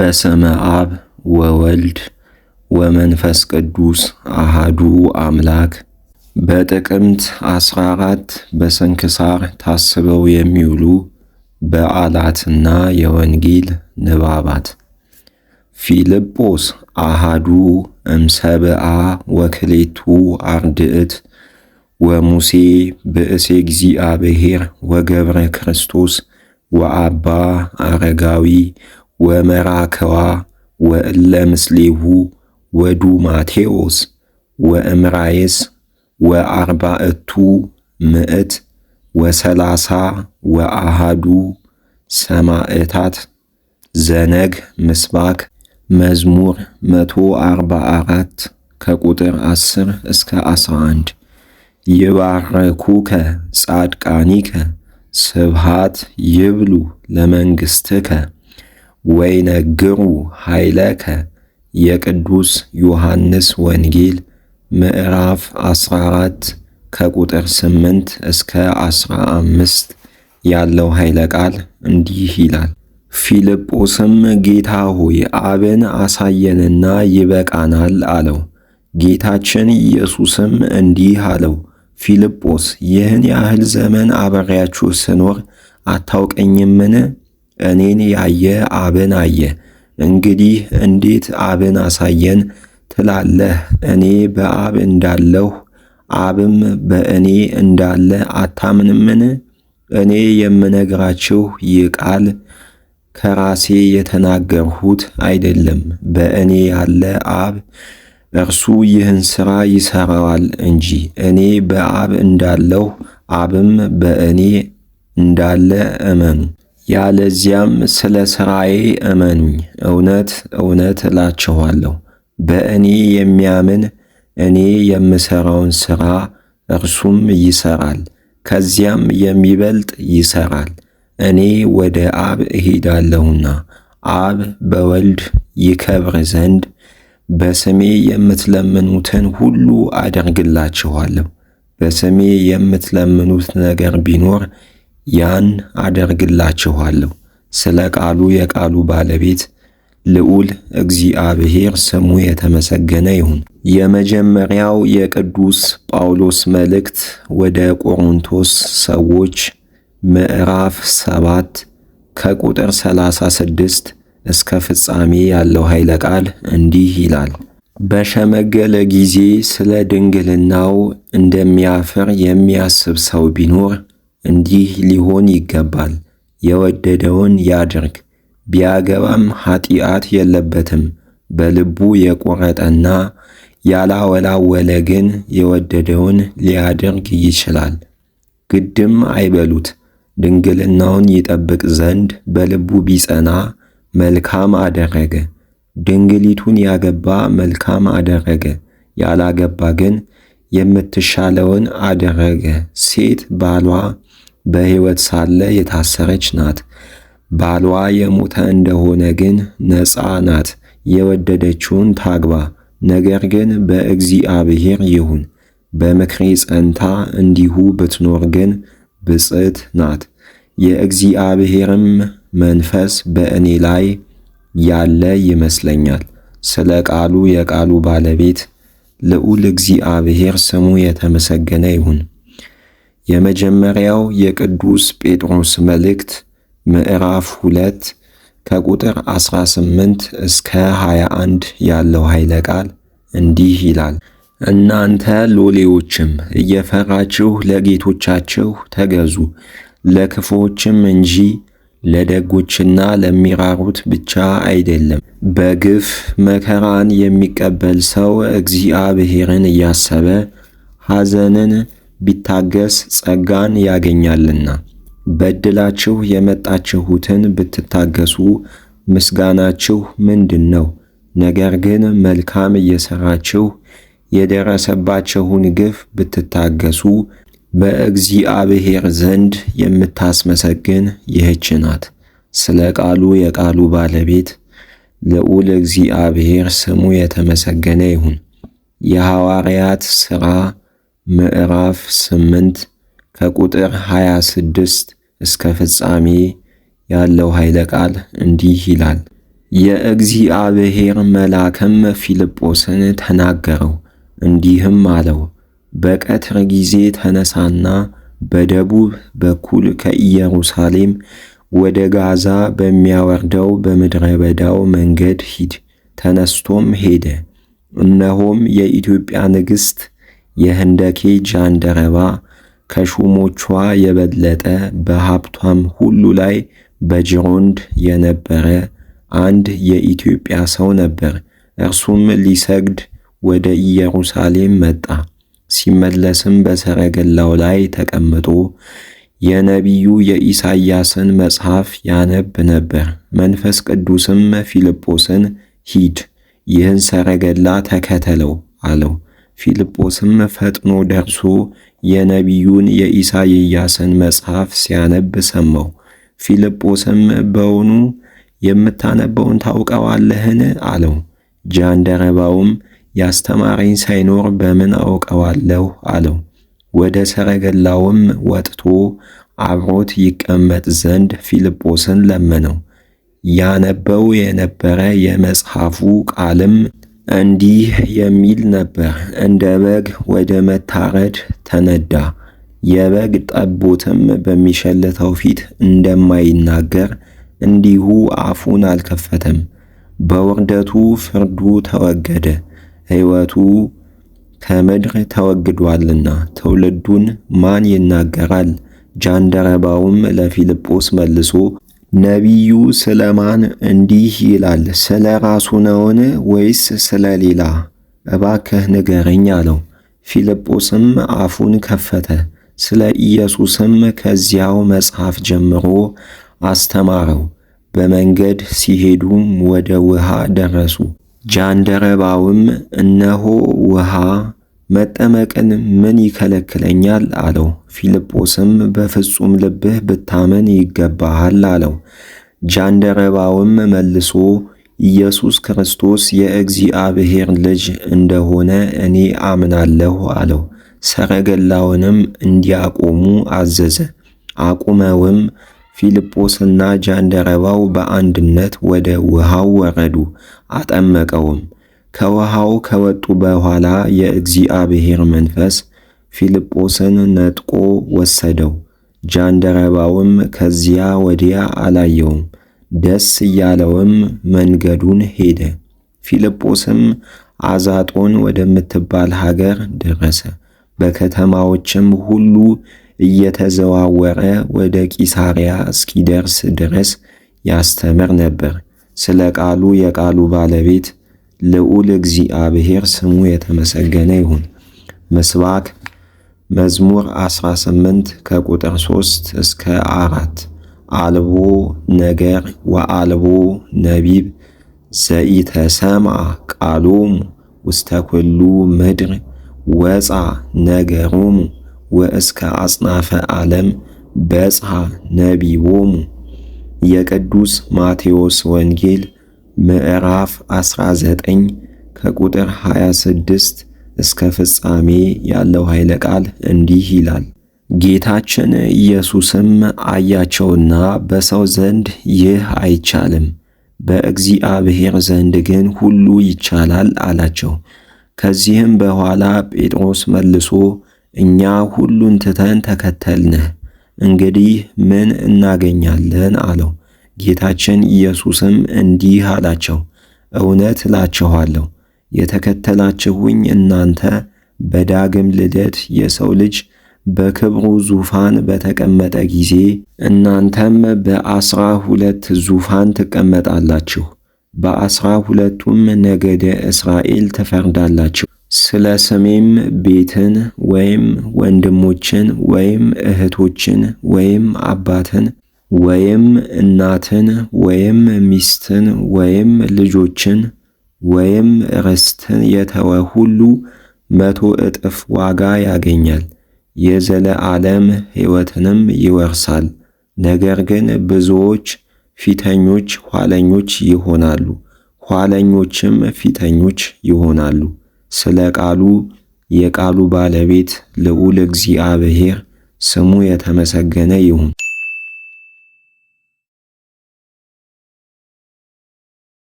በስመ አብ ወወልድ ወመንፈስ ቅዱስ አሃዱ አምላክ። በጥቅምት 14 በስንክሳር ታስበው የሚውሉ በዓላትና የወንጌል ንባባት ፊልጶስ አሃዱ እምሰብአ ወክሌቱ አርድእት ወሙሴ ብእሴ እግዚአብሔር ወገብረ ክርስቶስ ወአባ አረጋዊ ወመራከዋ ወለምስሊሁ ወዱ ማቴዎስ ወእምራይስ ወአርባእቱ ምዕት ወሰላሳ ወአሃዱ ሰማዕታት ዘነግ ምስባክ መዝሙር አራት ከቁጥር አስር እስከ 11 ይባረኩከ ጻድቃኒከ ስብሃት ይብሉ ለመንግሥትከ ወይነግሩ ኃይለከ የቅዱስ ዮሐንስ ወንጌል ምዕራፍ 14 ከቁጥር 8 እስከ 15 ያለው ኃይለ ቃል እንዲህ ይላል። ፊልጶስም ጌታ ሆይ አብን አሳየንና ይበቃናል አለው። ጌታችን ኢየሱስም እንዲህ አለው፣ ፊልጶስ ይህን ያህል ዘመን አብሬያችሁ ስኖር አታውቀኝምን? እኔን ያየ አብን አየ። እንግዲህ እንዴት አብን አሳየን ትላለህ? እኔ በአብ እንዳለሁ አብም በእኔ እንዳለ አታምንምን? እኔ የምነግራችሁ ይህ ቃል ከራሴ የተናገርሁት አይደለም፣ በእኔ ያለ አብ እርሱ ይህን ሥራ ይሠራዋል እንጂ። እኔ በአብ እንዳለሁ አብም በእኔ እንዳለ እመኑ። ያለዚያም ስለ ሥራዬ እመኑኝ፣ እውነት እውነት እላችኋለሁ በእኔ የሚያምን እኔ የምሠራውን ሥራ እርሱም ይሠራል፣ ከዚያም የሚበልጥ ይሠራል። እኔ ወደ አብ እሄዳለሁና አብ በወልድ ይከብር ዘንድ በስሜ የምትለምኑትን ሁሉ አደርግላችኋለሁ። በስሜ የምትለምኑት ነገር ቢኖር ያን አደርግላችኋለሁ። ስለ ቃሉ የቃሉ ባለቤት ልዑል እግዚአብሔር ስሙ የተመሰገነ ይሁን። የመጀመሪያው የቅዱስ ጳውሎስ መልእክት ወደ ቆሮንቶስ ሰዎች ምዕራፍ 7 ከቁጥር 36 እስከ ፍጻሜ ያለው ኃይለ ቃል እንዲህ ይላል። በሸመገለ ጊዜ ስለ ድንግልናው እንደሚያፍር የሚያስብ ሰው ቢኖር እንዲህ ሊሆን ይገባል። የወደደውን ያድርግ፣ ቢያገባም ኃጢአት የለበትም። በልቡ የቆረጠና ያላወላወለ ግን የወደደውን ሊያደርግ ይችላል። ግድም አይበሉት። ድንግልናውን ይጠብቅ ዘንድ በልቡ ቢጸና መልካም አደረገ። ድንግሊቱን ያገባ መልካም አደረገ፣ ያላገባ ግን የምትሻለውን አደረገ። ሴት ባሏ በሕይወት ሳለ የታሰረች ናት። ባሏ የሞተ እንደሆነ ግን ነፃ ናት። የወደደችውን ታግባ፣ ነገር ግን በእግዚአብሔር ይሁን። በምክሬ ጸንታ እንዲሁ ብትኖር ግን ብጽት ናት። የእግዚአብሔርም መንፈስ በእኔ ላይ ያለ ይመስለኛል። ስለ ቃሉ የቃሉ ባለቤት ልዑል እግዚአብሔር ስሙ የተመሰገነ ይሁን። የመጀመሪያው የቅዱስ ጴጥሮስ መልእክት ምዕራፍ 2 ከቁጥር 18 እስከ 21 ያለው ኃይለ ቃል እንዲህ ይላል። እናንተ ሎሌዎችም እየፈራችሁ ለጌቶቻችሁ ተገዙ፣ ለክፉዎችም እንጂ ለደጎችና ለሚራሩት ብቻ አይደለም። በግፍ መከራን የሚቀበል ሰው እግዚአብሔርን እያሰበ ሐዘንን ቢታገስ ጸጋን ያገኛልና። በድላችሁ የመጣችሁትን ብትታገሱ ምስጋናችሁ ምንድን ነው? ነገር ግን መልካም እየሰራችሁ የደረሰባችሁን ግፍ ብትታገሱ በእግዚአብሔር ዘንድ የምታስመሰግን ይህች ናት። ስለ ቃሉ የቃሉ ባለቤት ልዑል እግዚአብሔር ስሙ የተመሰገነ ይሁን። የሐዋርያት ሥራ ምዕራፍ 8 ከቁጥር 26 እስከ ፍጻሜ ያለው ኃይለ ቃል እንዲህ ይላል። የእግዚአብሔር መልአክም ፊልጶስን ተናገረው፣ እንዲህም አለው በቀትር ጊዜ ተነሳና በደቡብ በኩል ከኢየሩሳሌም ወደ ጋዛ በሚያወርደው በምድረ በዳው መንገድ ሂድ። ተነስቶም ሄደ። እነሆም የኢትዮጵያ ንግሥት የህንደኬ ጃንደረባ ከሹሞቿ የበለጠ በሀብቷም ሁሉ ላይ በጅሮንድ የነበረ አንድ የኢትዮጵያ ሰው ነበር። እርሱም ሊሰግድ ወደ ኢየሩሳሌም መጣ። ሲመለስም በሰረገላው ላይ ተቀምጦ የነቢዩ የኢሳይያስን መጽሐፍ ያነብ ነበር። መንፈስ ቅዱስም ፊልጶስን ሂድ፣ ይህን ሰረገላ ተከተለው አለው። ፊልጶስም ፈጥኖ ደርሶ የነቢዩን የኢሳይያስን መጽሐፍ ሲያነብ ሰማው። ፊልጶስም በውኑ የምታነበውን ታውቀዋለህን? አለው። ጃንደረባውም ያስተማረኝ ሳይኖር በምን አውቀዋለሁ? አለው። ወደ ሰረገላውም ወጥቶ አብሮት ይቀመጥ ዘንድ ፊልጶስን ለመነው። ያነበው የነበረ የመጽሐፉ ቃልም እንዲህ የሚል ነበር። እንደ በግ ወደ መታረድ ተነዳ። የበግ ጠቦትም በሚሸለተው ፊት እንደማይናገር እንዲሁ አፉን አልከፈተም። በውርደቱ ፍርዱ ተወገደ፣ ሕይወቱ ከምድር ተወግዷልና ትውልዱን ማን ይናገራል? ጃንደረባውም ለፊልጶስ መልሶ ነቢዩ ስለማን እንዲህ ይላል? ስለ ራሱ ነውን ወይስ ስለ ሌላ? እባክህ ንገረኝ አለው። ፊልጶስም አፉን ከፈተ፣ ስለ ኢየሱስም ከዚያው መጽሐፍ ጀምሮ አስተማረው። በመንገድ ሲሄዱም ወደ ውሃ ደረሱ። ጃንደረባውም እነሆ ውሃ መጠመቅን ምን ይከለክለኛል አለው። ፊልጶስም በፍጹም ልብህ ብታመን ይገባሃል አለው። ጃንደረባውም መልሶ ኢየሱስ ክርስቶስ የእግዚአብሔር ልጅ እንደሆነ እኔ አምናለሁ አለው። ሰረገላውንም እንዲያቆሙ አዘዘ። አቁመውም ፊልጶስና ጃንደረባው በአንድነት ወደ ውሃው ወረዱ፣ አጠመቀውም። ከውሃው ከወጡ በኋላ የእግዚአብሔር መንፈስ ፊልጶስን ነጥቆ ወሰደው። ጃንደረባውም ከዚያ ወዲያ አላየውም። ደስ እያለውም መንገዱን ሄደ። ፊልጶስም አዛጦን ወደምትባል ሀገር ደረሰ። በከተማዎችም ሁሉ እየተዘዋወረ ወደ ቂሳሪያ እስኪደርስ ድረስ ያስተምር ነበር። ስለ ቃሉ የቃሉ ባለቤት ልዑል እግዚአብሔር ስሙ የተመሰገነ ይሁን። ምስባክ መዝሙር 18 ከቁጥር 3 እስከ አራት አልቦ ነገር ወአልቦ ነቢብ ዘኢተሰምዐ ቃሎሙ ውስተ ኩሉ ምድር ወፃ ነገሮሙ ወእስከ አጽናፈ ዓለም በጽሐ ነቢቦሙ። የቅዱስ ማቴዎስ ወንጌል ምዕራፍ 19 ከቁጥር 26 እስከ ፍጻሜ ያለው ኃይለ ቃል እንዲህ ይላል። ጌታችን ኢየሱስም አያቸውና በሰው ዘንድ ይህ አይቻልም፣ በእግዚአብሔር ዘንድ ግን ሁሉ ይቻላል አላቸው። ከዚህም በኋላ ጴጥሮስ መልሶ እኛ ሁሉን ትተን ተከተልንህ፣ እንግዲህ ምን እናገኛለን አለው። ጌታችን ኢየሱስም እንዲህ አላቸው፣ እውነት እላችኋለሁ የተከተላችሁኝ እናንተ በዳግም ልደት የሰው ልጅ በክብሩ ዙፋን በተቀመጠ ጊዜ እናንተም በአስራ ሁለት ዙፋን ትቀመጣላችሁ፣ በአስራ ሁለቱም ነገደ እስራኤል ትፈርዳላችሁ። ስለ ስሜም ቤትን ወይም ወንድሞችን ወይም እህቶችን ወይም አባትን ወይም እናትን ወይም ሚስትን ወይም ልጆችን ወይም ርስትን የተወ ሁሉ መቶ እጥፍ ዋጋ ያገኛል፣ የዘለ ዓለም ሕይወትንም ይወርሳል። ነገር ግን ብዙዎች ፊተኞች ኋለኞች ይሆናሉ፣ ኋለኞችም ፊተኞች ይሆናሉ። ስለ ቃሉ የቃሉ ባለቤት ልዑል እግዚአብሔር ስሙ የተመሰገነ ይሁን።